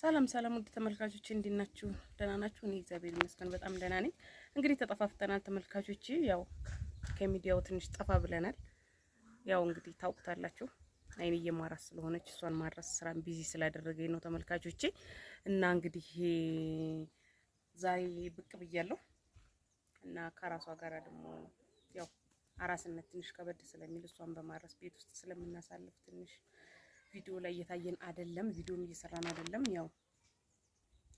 ሰላም ሰላም ውድ ተመልካቾች እንዴት ናችሁ? ደህና ናችሁ? እኔ እግዚአብሔር ይመስገን በጣም ደህና ነኝ። እንግዲህ ተጠፋፍተናል ተመልካቾች፣ ያው ከሚዲያው ትንሽ ጠፋ ብለናል። ያው እንግዲህ ታውቁታላችሁ፣ አይኔዬ ማራስ ስለሆነች እሷን ማድረስ ስራን ቢዚ ስላደረገኝ ነው ተመልካቾች እና እንግዲህ ዛሬ ብቅ ብያለሁ እና ከራሷ ጋር ደግሞ ያው አራስነት ትንሽ ከበድ ስለሚል እሷን በማድረስ ቤት ውስጥ ስለምናሳልፍ ትንሽ ቪዲዮ ላይ እየታየን አይደለም፣ ቪዲዮም እየሰራን አይደለም። ያው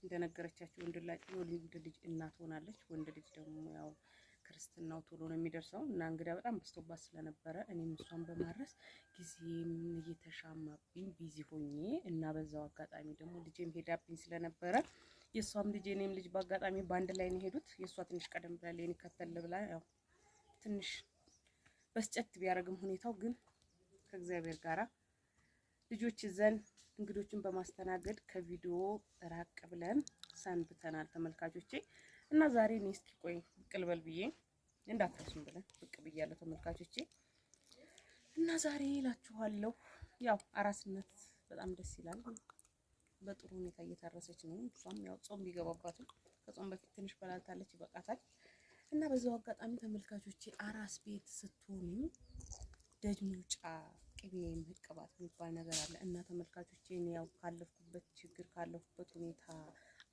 እንደነገረቻችሁ ወንድ ልጅ እናት ሆናለች። ወንድ ልጅ ደግሞ ያው ክርስትናው ቶሎ ነው የሚደርሰው እና እንግዲያ በጣም በዝቶባት ስለነበረ እኔም እሷን በማድረስ ጊዜም እየተሻማብኝ ቢዚ ሆኜ እና በዛው አጋጣሚ ደግሞ ልጄም ሄዳብኝ ስለነበረ የእሷም ልጅ እኔም ልጅ በአጋጣሚ በአንድ ላይ ነው የሄዱት። የእሷ ትንሽ ቀደም ብላ ሌን ከተል ብላ ያው ትንሽ በስጨት ቢያደርግም ሁኔታው ግን ከእግዚአብሔር ጋራ ልጆች ይዘን እንግዶችን በማስተናገድ ከቪዲዮ ራቅ ብለን ሰንብተናል ተመልካቾቼ። እና ዛሬ እኔ እስኪ ቆይ ብቅ ልበል ብዬ እንዳትረሱም ብለን ብቅ ብያለሁ ተመልካቾቼ። እና ዛሬ እላችኋለሁ ያው አራስነት በጣም ደስ ይላል። በጥሩ ሁኔታ እየታረሰች ነው። እሷም ያው ጾም ቢገባባትም ከጾም በፊት ትንሽ በላልታለች፣ ይበቃታል። እና በዛው አጋጣሚ ተመልካቾቼ አራስ ቤት ስትሆኑ ደጅ መውጫ ቅቤ ቅባት የሚባል ነገር አለ እና ተመልካቾች ያው ካለፍኩበት ችግር ካለፍኩበት ሁኔታ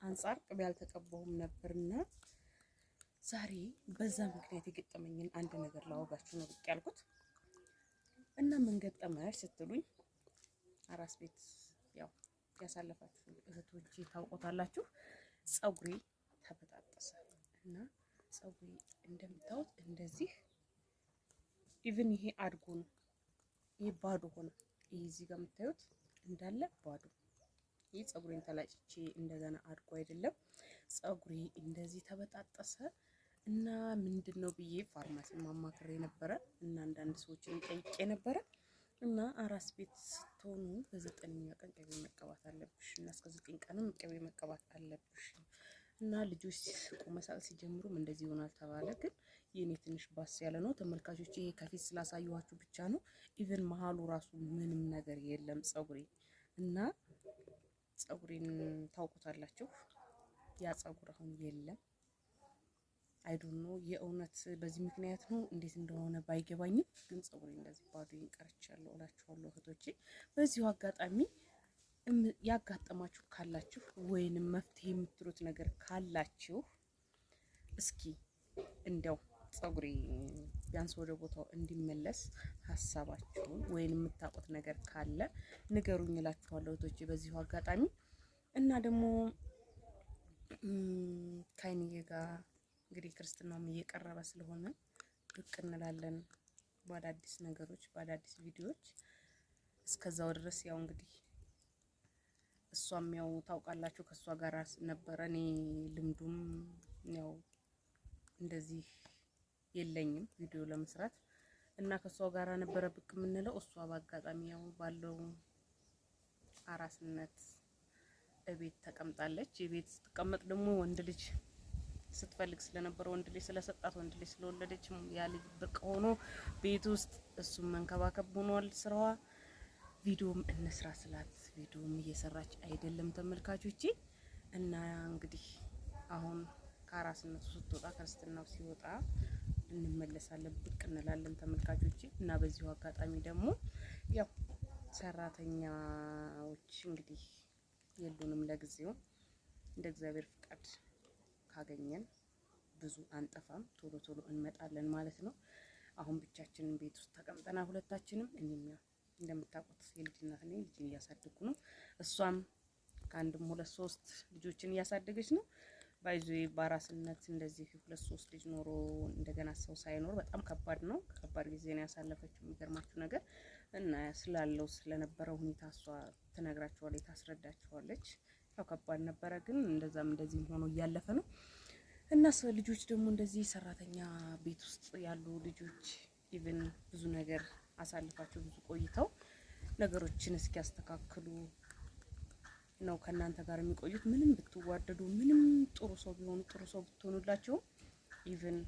አንጻር ቅቤ አልተቀባሁም ነበርና ዛሬ በዛ ምክንያት የገጠመኝን አንድ ነገር ላወጋችሁ ነው ብቅ ያልኩት እና ምን ገጠመሽ ስትሉኝ አራስ ቤት ያው ያሳለፋችሁ እህቶች ታውቆታላችሁ። ፀጉሬ ተበጣጠሰ እና ፀጉሬ እንደምታዩት እንደዚህ ኢቭን ይሄ አድጎ ነው ይህ ባዶ ሆነ። ይህ እዚህ ጋር የምታዩት እንዳለ ባዶ። ይህ ፀጉሬን ተላጭቼ እንደገና አድጎ አይደለም ፀጉሬ እንደዚህ ተበጣጠሰ እና ምንድን ነው ብዬ ፋርማሲ ማማክሬ ነበረ እና አንዳንድ ሰዎችን ጠይቄ ነበረ እና አራስ ቤት ስትሆኑ በዘጠነኛ ቀን ቅቤ መቀባት አለብሽ እና እስከ ዘጠኝ ቀንም ቅቤ መቀባት አለብሽ እና ልጆች ሲስቁ መሳቅ ሲጀምሩም እንደዚህ ይሆናል ተባለ። ግን የኔ ትንሽ ባስ ያለ ነው ተመልካቾች። ይሄ ከፊት ስላሳየኋችሁ ብቻ ነው። ኢቨን መሀሉ ራሱ ምንም ነገር የለም ጸጉሬ እና ጸጉሬን ታውቁታላችሁ። ያ ጸጉር አሁን የለም። አይዶን ነው የእውነት በዚህ ምክንያት ነው እንዴት እንደሆነ ባይገባኝም፣ ግን ጸጉሬ እንደዚህ ባዶ ይንቀርቻለሁ እላችኋለሁ እህቶቼ በዚሁ አጋጣሚ ያጋጠማችሁ ካላችሁ ወይንም መፍትሄ የምትሉት ነገር ካላችሁ እስኪ እንደው ጸጉሪ ቢያንስ ወደ ቦታው እንዲመለስ ሀሳባችሁን ወይም የምታውቁት ነገር ካለ ንገሩኝ እላችኋለሁ እህቶቼ በዚሁ አጋጣሚ እና ደግሞ ከአይንዬ ጋር እንግዲህ ክርስትናውም እየቀረበ ስለሆነ ብቅ እንላለን በአዳዲስ ነገሮች በአዳዲስ ቪዲዮዎች። እስከዛው ድረስ ያው እንግዲህ እሷም ያው ታውቃላችሁ ከእሷ ጋር ነበረ። እኔ ልምዱም ያው እንደዚህ የለኝም ቪዲዮ ለመስራት እና ከእሷ ጋር ነበረ ብቅ የምንለው። እሷ በአጋጣሚ ያው ባለው አራስነት እቤት ተቀምጣለች። የቤት ስትቀመጥ ደግሞ ወንድ ልጅ ስትፈልግ ስለነበረ ወንድ ልጅ ስለሰጣት ወንድ ልጅ ስለወለደች ያ ልጅ ብቅ ሆኖ ቤት ውስጥ እሱም መንከባከብ ሆኗል ስራዋ። ቪዲዮም እንስራ ስላት ቪዲዮም እየሰራች አይደለም ተመልካቾች እና እንግዲህ አሁን ከአራስነቱ ስትወጣ ክርስትናው ሲወጣ እንመለሳለን፣ ብቅ እንላለን ተመልካቾች እና በዚሁ አጋጣሚ ደግሞ ያው ሰራተኛዎች እንግዲህ የሉንም ለጊዜው እንደ እግዚአብሔር ፍቃድ ካገኘን ብዙ አንጠፋም፣ ቶሎ ቶሎ እንመጣለን ማለት ነው። አሁን ብቻችንን ቤት ውስጥ ተቀምጠና ሁለታችንም ያው እንደምታውቁት የልጅ እናት ነኝ። ልጅን እያሳደግኩ ነው። እሷም ከአንድም ሁለት ሶስት ልጆችን እያሳደገች ነው። ባይዞ በአራስነት እንደዚህ ሁለት ሶስት ልጅ ኖሮ እንደገና ሰው ሳይኖር በጣም ከባድ ነው። ከባድ ጊዜ ነው ያሳለፈችው። የሚገርማችሁ ነገር እና ስላለው ስለነበረው ሁኔታ እሷ ትነግራችኋለች፣ ታስረዳችኋለች። ያው ከባድ ነበረ፣ ግን እንደዛም እንደዚህም ሆኖ እያለፈ ነው እና ልጆች ደግሞ እንደዚህ ሰራተኛ ቤት ውስጥ ያሉ ልጆች ኢቭን ብዙ ነገር አሳልፋቸው ብዙ ቆይተው ነገሮችን እስኪያስተካክሉ ነው ከእናንተ ጋር የሚቆዩት። ምንም ብትዋደዱ፣ ምንም ጥሩ ሰው ቢሆኑ፣ ጥሩ ሰው ብትሆኑላቸውም ኢቭን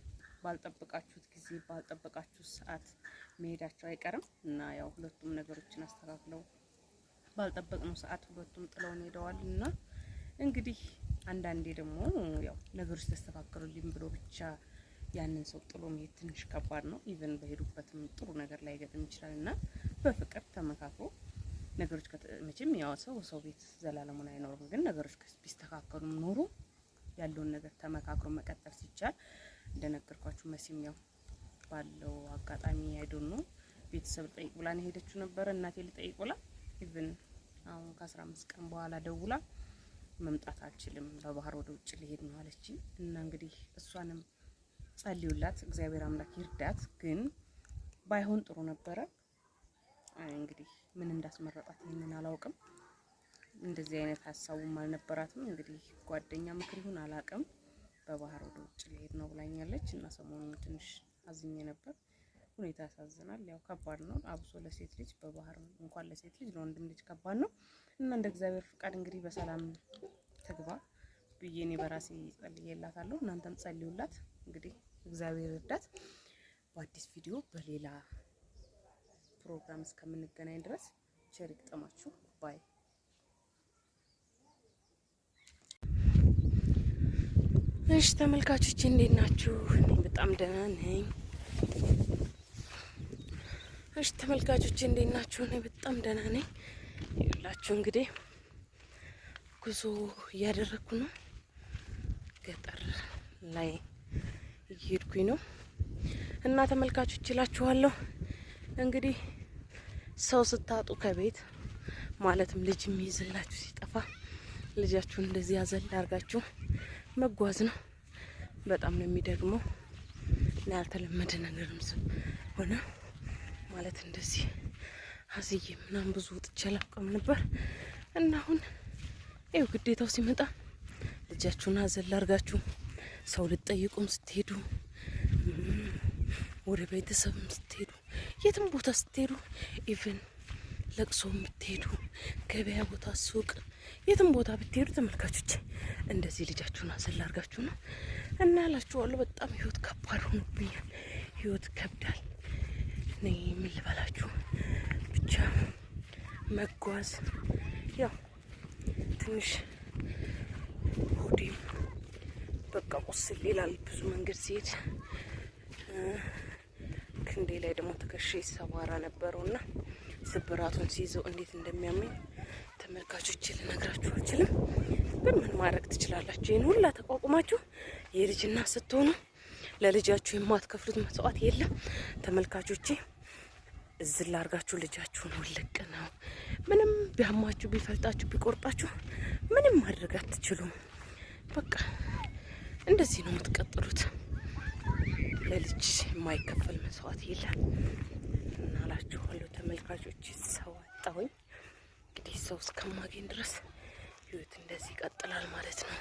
ባልጠበቃችሁት ጊዜ ባልጠበቃችሁት ሰዓት መሄዳቸው አይቀርም እና ያው ሁለቱም ነገሮችን አስተካክለው ባልጠበቅነው ሰዓት ሁለቱም ጥለውን ሄደዋል እና እንግዲህ አንዳንዴ ደግሞ ያው ነገሮች ተስተካከሉልኝ ብሎ ብቻ ያንን ሰው ጥሎ መሄድ ትንሽ ከባድ ነው። ኢቨን በሄዱበትም ጥሩ ነገር ላይ ገጥም ይችላል እና በፍቅር ተመካክሮ ነገሮች መቼም ያው ሰው ሰው ቤት ዘላለሙን አይኖርም፣ ግን ነገሮች ቢስተካከሉም ኖሮ ያለውን ነገር ተመካክሮ መቀጠል ሲቻል እንደነገርኳችሁ መሲም ያው ባለው አጋጣሚ አይዶን ነው ቤተሰብ ልጠይቅ ብላ ነው ሄደችው ነበረ። እናቴ ልጠይቅ ብላ ኢቭን አሁን ከአስራ አምስት ቀን በኋላ ደውላ መምጣት አልችልም፣ በባህር ወደ ውጭ ሊሄድ ነው አለች እና እንግዲህ እሷንም ጸልዩላት፣ እግዚአብሔር አምላክ ይርዳት። ግን ባይሆን ጥሩ ነበረ። እንግዲህ ምን እንዳስመረጣት ይህንን አላውቅም። እንደዚህ አይነት ሀሳቡም አልነበራትም። እንግዲህ ጓደኛ ምክር ይሁን አላውቅም። በባህር ወደ ውጭ ሊሄድ ነው ብላኛለች እና ሰሞኑን ትንሽ አዝኜ ነበር። ሁኔታ ያሳዝናል። ያው ከባድ ነው፣ አብሶ ለሴት ልጅ በባህር እንኳን ለሴት ልጅ ለወንድም ልጅ ከባድ ነው እና እንደ እግዚአብሔር ፍቃድ እንግዲህ በሰላም ትግባ። ብዬ እኔ በራሴ ጸልዬላታለሁ። እናንተም ጸልዩላት። እንግዲህ እግዚአብሔር እርዳት። በአዲስ ቪዲዮ በሌላ ፕሮግራም እስከምንገናኝ ድረስ ቸር ይግጠማችሁ። ባይ እሺ ተመልካቾች እንዴት ናችሁ? እኔ በጣም ደህና ነኝ። እሺ ተመልካቾች እንዴት ናችሁ? እኔ በጣም ደህና ነኝ። ይላችሁ እንግዲህ ጉዞ እያደረግኩ ነው። ገጠር ላይ እየሄድኩኝ ነው እና ተመልካቾች ይችላችኋለሁ እንግዲህ ሰው ስታጡ ከቤት ማለትም ልጅ የሚይዝላችሁ ሲጠፋ ልጃችሁን እንደዚህ ያዘል አድርጋችሁ መጓዝ ነው። በጣም ነው የሚደግመው እና ያልተለመደ ነገርም ሆነ ማለት እንደዚህ አዝዬ ምናምን ብዙ ወጥቼ አላውቅም ነበር እና አሁን ይኸው ግዴታው ሲመጣ እጃችሁን አዘላ ላርጋችሁ ሰው ልጠይቁም ስትሄዱ፣ ወደ ቤተሰብም ስትሄዱ፣ የትም ቦታ ስትሄዱ፣ ኢቨን ለቅሶም ብትሄዱ፣ ገበያ ቦታ፣ ሱቅ፣ የትም ቦታ ብትሄዱ ተመልካቾች እንደዚህ ልጃችሁን አዘላ ላርጋችሁ ነው እና ያላችኋለሁ። በጣም ህይወት ከባድ ሆኖብኛል። ህይወት ከብዳል። እኔ ምን ልበላችሁ ብቻ መጓዝ ያው ትንሽ ቁስል ይላል ብዙ መንገድ ሲሄድ። ክንዴ ላይ ደግሞ ትከሻ ይሰባራ እና ስብራቱን ሲይዘው እንዴት እንደሚያመኝ ተመልካቾች ልነግራችሁ አልችልም። ግን ምን ማድረግ ትችላላችሁ? ይህን ሁላ ተቋቁማችሁ የልጅና ስትሆኑ ለልጃችሁ የማትከፍሉት መስዋዕት የለም። ተመልካቾቼ እዝን ላርጋችሁ ልጃችሁን ውልቅ ነው። ምንም ቢያማችሁ፣ ቢፈልጣችሁ፣ ቢቆርጣችሁ ምንም ማድረግ አትችሉም። በቃ እንደዚህ ነው የምትቀጥሉት። ለልጅ የማይከፈል መስዋዕት የለም እና ተመልካቾች። ሰው አጣሁኝ እንግዲህ ሰው እስከማገኝ ድረስ ህይወት እንደዚህ ይቀጥላል ማለት ነው።